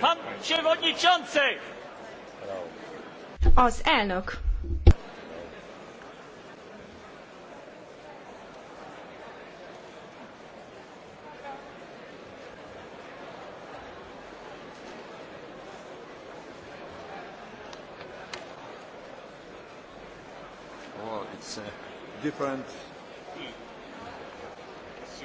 Pan przewodniczący! Az elnök. Oh, it's a uh, different